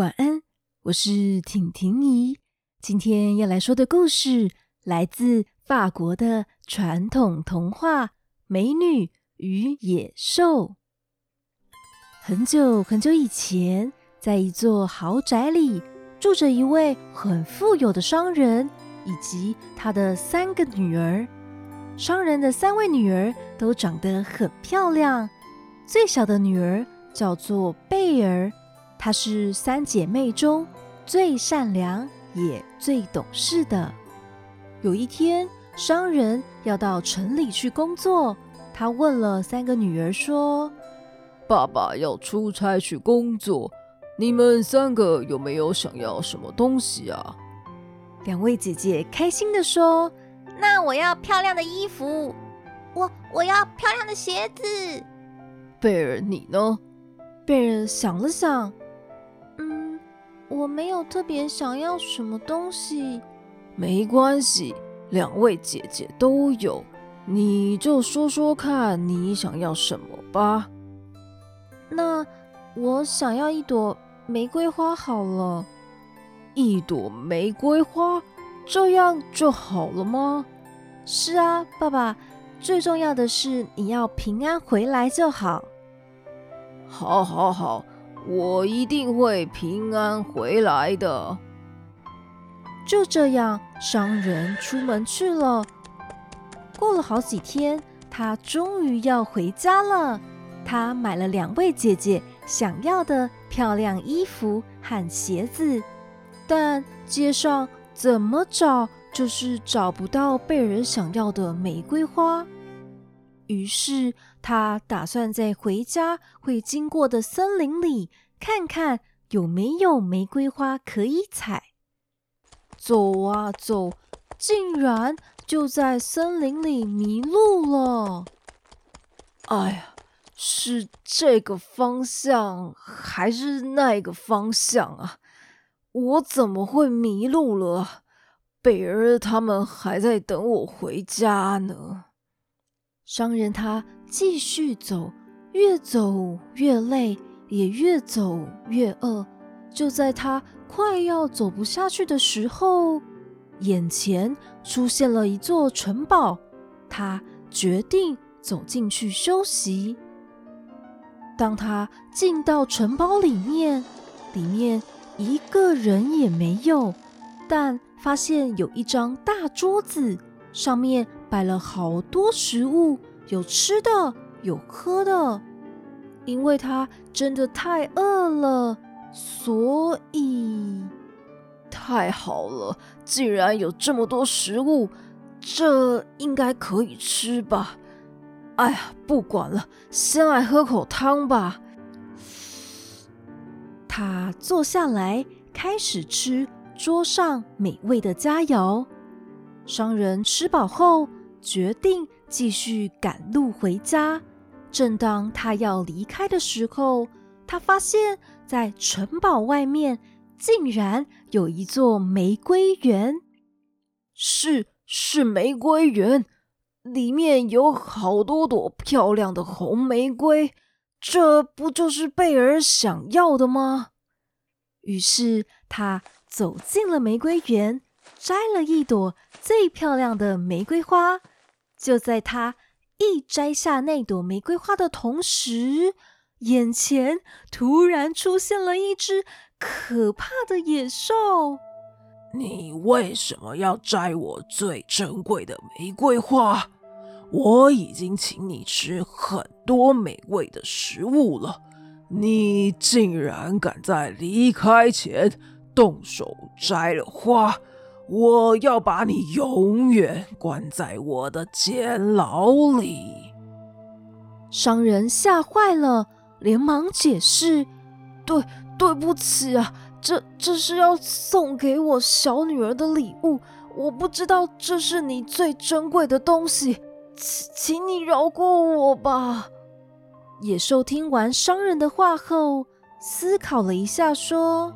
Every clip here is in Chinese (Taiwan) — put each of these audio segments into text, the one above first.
晚安，我是婷婷姨。今天要來說的故事來自法國的傳統童話《美女與野獸》。很久很久以前，在一座豪宅裡住着一位很富有的商人以及他的三個女兒。商人的三位女兒都長得很漂亮，最小的女兒叫做貝兒。她是三姐妹中最善良也最懂事的。有一天，商人要到城裡去工作，他問了三個女兒說：“爸爸要出差去工作，你們三個有沒有想要什麼東西啊？”兩位姐姐開心地說：“那我要漂亮的衣服，我我要漂亮的鞋子。”貝兒，你呢？貝兒想了想。我沒有特別想要什麼東西，沒關係，兩位姐姐都有，你就說說看你想要什麼吧。那我想要一朵玫瑰花好了，一朵玫瑰花，這樣就好了嗎？是啊，爸爸，最重要的是你要平安回來就好。好,好,好，好，好。我一定會平安回來的。就這樣，商人出門去了。過了好幾天，他終於要回家了。他買了兩位姐姐想要的漂亮衣服和鞋子，但街上怎麼找就是找不到貝兒想要的玫瑰花。於是他打算在回家會經過的森林裡看看有沒有玫瑰花可以採。走啊走，竟然就在森林裡迷路了！哎呀，是這個方向還是那個方向啊？我怎麼會迷路了？貝兒他們還在等我回家呢。商人他繼續走，越走越累，也越走越餓。就在他快要走不下去的時候，眼前出現了一座城堡，他決定走進去休息。當他進到城堡裡面，裡面一個人也沒有，但發現有一張大桌子，上面，擺了好多食物，有吃的，有喝的，因為他真的太餓了，所以太好了，既然有這麼多食物，這應該可以吃吧？哎呀，不管了，先來喝口湯吧。他坐下來，開始吃桌上美味的佳肴。商人吃飽後，決定繼續趕路回家。正當他要離開的時候，他發現，在城堡外面竟然有一座玫瑰園。是是玫瑰園，裡面有好多朵漂亮的紅玫瑰。這不就是貝兒想要的嗎？於是他走進了玫瑰園，摘了一朵最漂亮的玫瑰花。就在他一摘下那朵玫瑰花的同時，眼前突然出現了一隻可怕的野獸。你為什麼要摘我最珍貴的玫瑰花？我已經請你吃很多美味的食物了，你竟然敢在離開前動手摘了花！我要把你永遠關在我的監牢裡。商人嚇壞了，連忙解釋：“對，對不起啊，這這是要送給我小女兒的禮物，我不知道這是你最珍貴的東西，請請你饒過我吧。”野獸聽完商人的話後，思考了一下說：“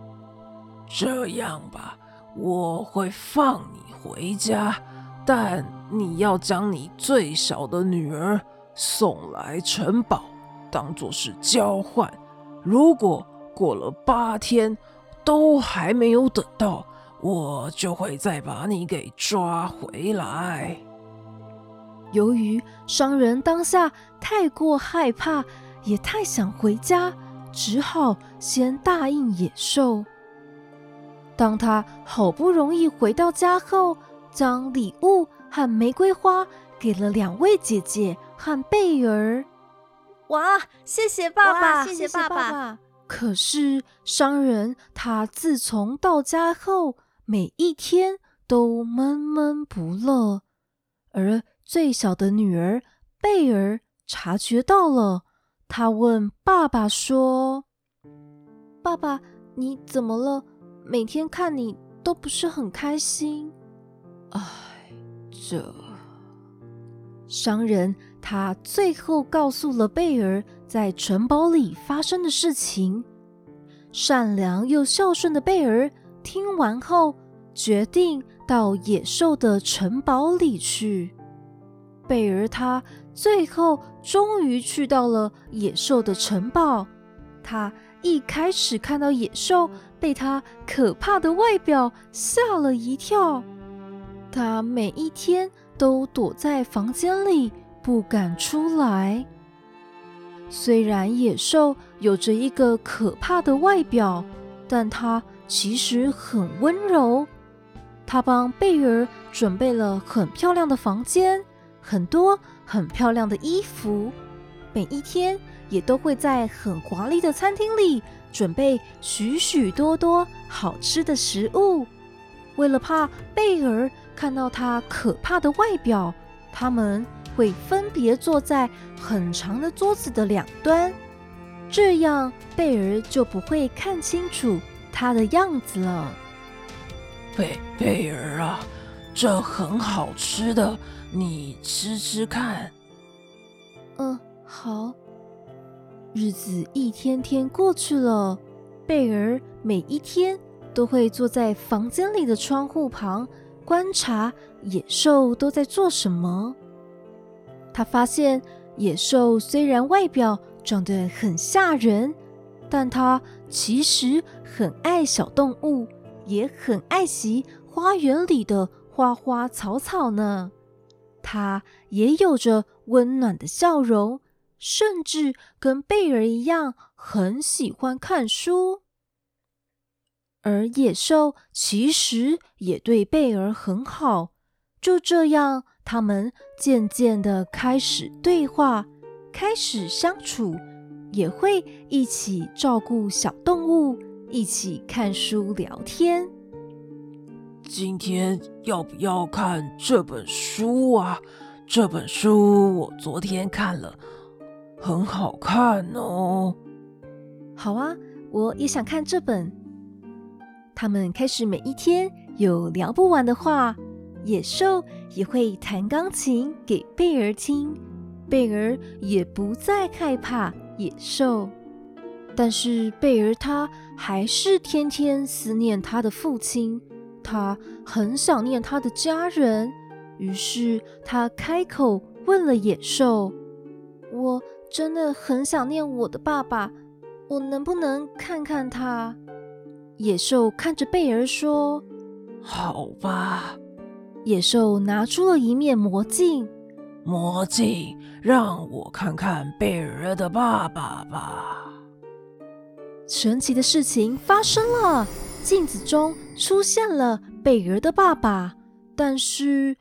這樣吧。”我會放你回家，但你要將你最小的女兒送來城堡，當做是交換。如果過了八天都還沒有等到，我就會再把你給抓回來。由於商人當下太過害怕，也太想回家，只好先答應野獸。當他好不容易回到家後，將禮物和玫瑰花給了兩位姐姐和貝兒。哇！謝謝爸爸，謝謝爸爸。可是商人他自從到家後，每一天都悶悶不樂。而最小的女兒貝兒察覺到了，她問爸爸說：“爸爸，你怎麼了？”每天看你都不是很開心。哎，這商人他最後告訴了貝兒在城堡裡發生的事情。善良又孝順的貝兒聽完後，決定到野獸的城堡裡去。貝兒他最後終於去到了野獸的城堡。他一開始看到野獸。被它可怕的外表嚇了一跳，他每一天都躲在房間裡不敢出來。雖然野獸有着一個可怕的外表，但它其實很溫柔。它幫貝兒準備了很漂亮的房間，很多很漂亮的衣服，每一天也都會在很華麗的餐廳裡。準備許許多多好吃的食物。為了怕貝兒看到他可怕的外表，他們會分別坐在很長的桌子的兩端，這樣貝兒就不會看清楚他的樣子了。貝貝兒啊，這很好吃的，你吃吃看。嗯，好。日子一天天過去了，貝兒每一天都會坐在房間裡的窗戶旁，觀察野獸都在做什麼。他發現，野獸雖然外表長得很嚇人，但它其實很愛小動物，也很愛惜花園裡的花花草草呢。它也有着溫暖的笑容。甚至跟貝兒一樣很喜歡看書，而野獸其實也對貝兒很好。就這樣，他們漸漸的開始對話，開始相處，也會一起照顧小動物，一起看書聊天。今天要不要看這本書啊？這本書我昨天看了。很好看哦！好啊，我也想看這本。他們開始每一天有聊不完的話，野獸也會彈鋼琴給貝兒聽，貝兒也不再害怕野獸。但是貝兒他還是天天思念他的父親，他很想念他的家人，於是他開口問了野獸：“我。”真的很想念我的爸爸，我能不能看看他？野獸看着貝兒說：“好吧。”野獸拿出了一面魔鏡，魔鏡，讓我看看貝兒的爸爸吧。神奇的事情發生了，鏡子中出現了貝兒的爸爸，但是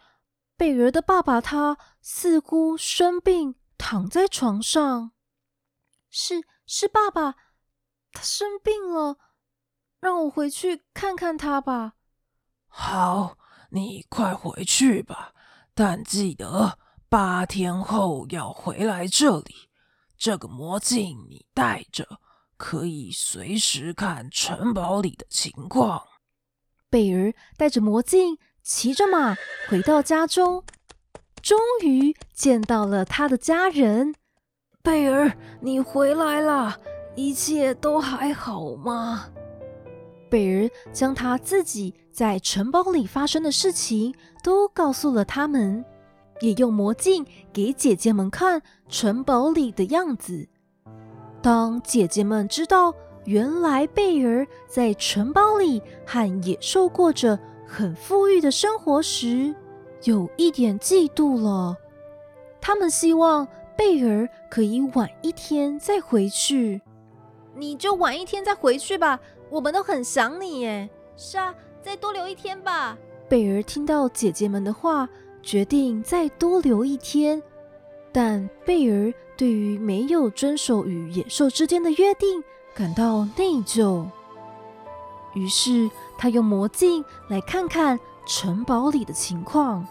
貝兒的爸爸他似乎生病，躺在床上，是是，爸爸，他生病了，讓我回去看看他吧。好，你快回去吧，但記得八天後要回來這裡。這個魔鏡你帶着，可以隨時看城堡裡的情況。貝兒帶着魔鏡，騎着馬回到家中。終於見到了他的家人。貝兒，你回來了，一切都還好嗎？貝兒將他自己在城堡裡發生的事情都告訴了他們，也用魔鏡給姐姐們看城堡裡的樣子。當姐姐們知道原來貝兒在城堡裡和野獸過着很富裕的生活時，有一點嫉妒了，他們希望貝兒可以晚一天再回去。你就晚一天再回去吧，我們都很想你耶。是啊，再多留一天吧。貝兒聽到姐姐們的話，決定再多留一天。但貝兒對於沒有遵守與野獸之間的約定感到內疚，於是他用魔鏡來看看。城堡裡的情況，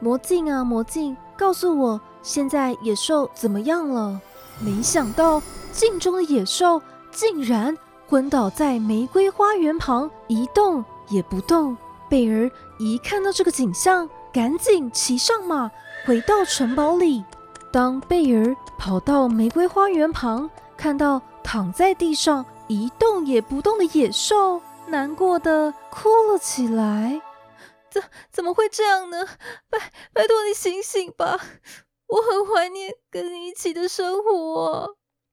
魔鏡啊，魔鏡，告訴我現在野獸怎麼樣了？沒想到鏡中的野獸竟然昏倒在玫瑰花園旁，一動也不動。貝兒一看到這個景象，趕緊騎上馬回到城堡裡。當貝兒跑到玫瑰花園旁，看到躺在地上一動也不動的野獸，難過的哭了起來。怎怎麼會這樣呢？拜拜託你醒醒吧！我很懷念跟你一起的生活啊。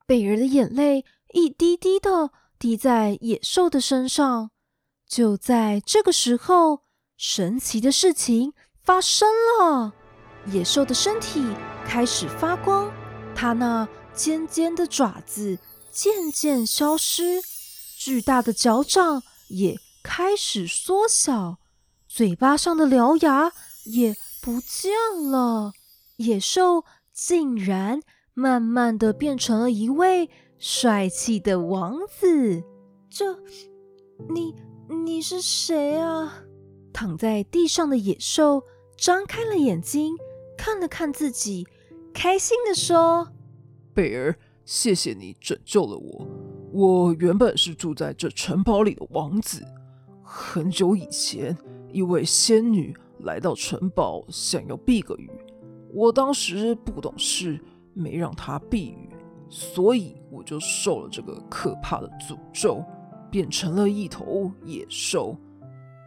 貝兒的眼淚一滴滴地滴在野獸的身上。就在這個時候，神奇的事情發生了。野獸的身體開始發光，它那尖尖的爪子漸漸消失，巨大的腳掌也開始縮小。嘴巴上的獠牙也不見了，野獸竟然慢慢的變成了一位帥氣的王子。這，你你是誰啊？躺在地上的野獸張開了眼睛，看了看自己，開心的說：“貝兒，謝謝你拯救了我。我原本是住在這城堡裡的王子，很久以前。”一位仙女來到城堡，想要避個雨。我當時不懂事，沒讓她避雨，所以我就受了這個可怕的詛咒，變成了一頭野獸。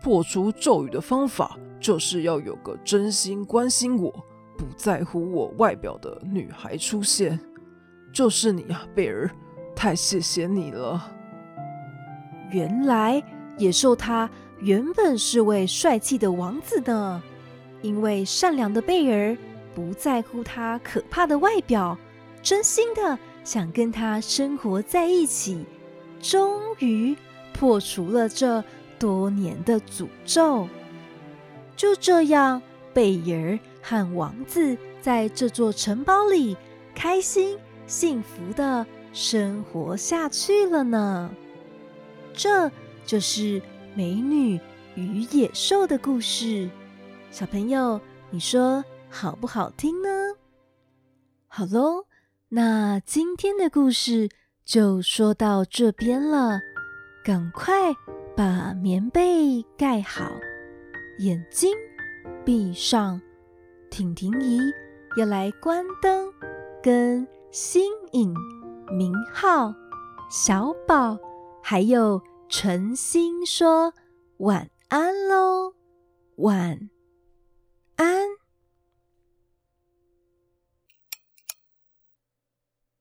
破除咒語的方法就是要有個真心關心我、不在乎我外表的女孩出現，就是你啊，貝兒！太謝謝你了。原來野獸他。原本是位帥氣的王子呢，因為善良的貝兒不在乎他可怕的外表，真心的想跟他生活在一起，終於破除了這多年的詛咒。就這樣，貝兒和王子在這座城堡裡開心幸福的生活下去了呢。這就是。美女與野獸的故事，小朋友，你說好不好聽呢？好嘍，那今天的故事就說到這邊了。趕快把棉被蓋好，眼睛閉上。婷婷姨要來關燈，跟欣穎、明澔、小寶還有。橙歆說：“晚安嘍，晚安。”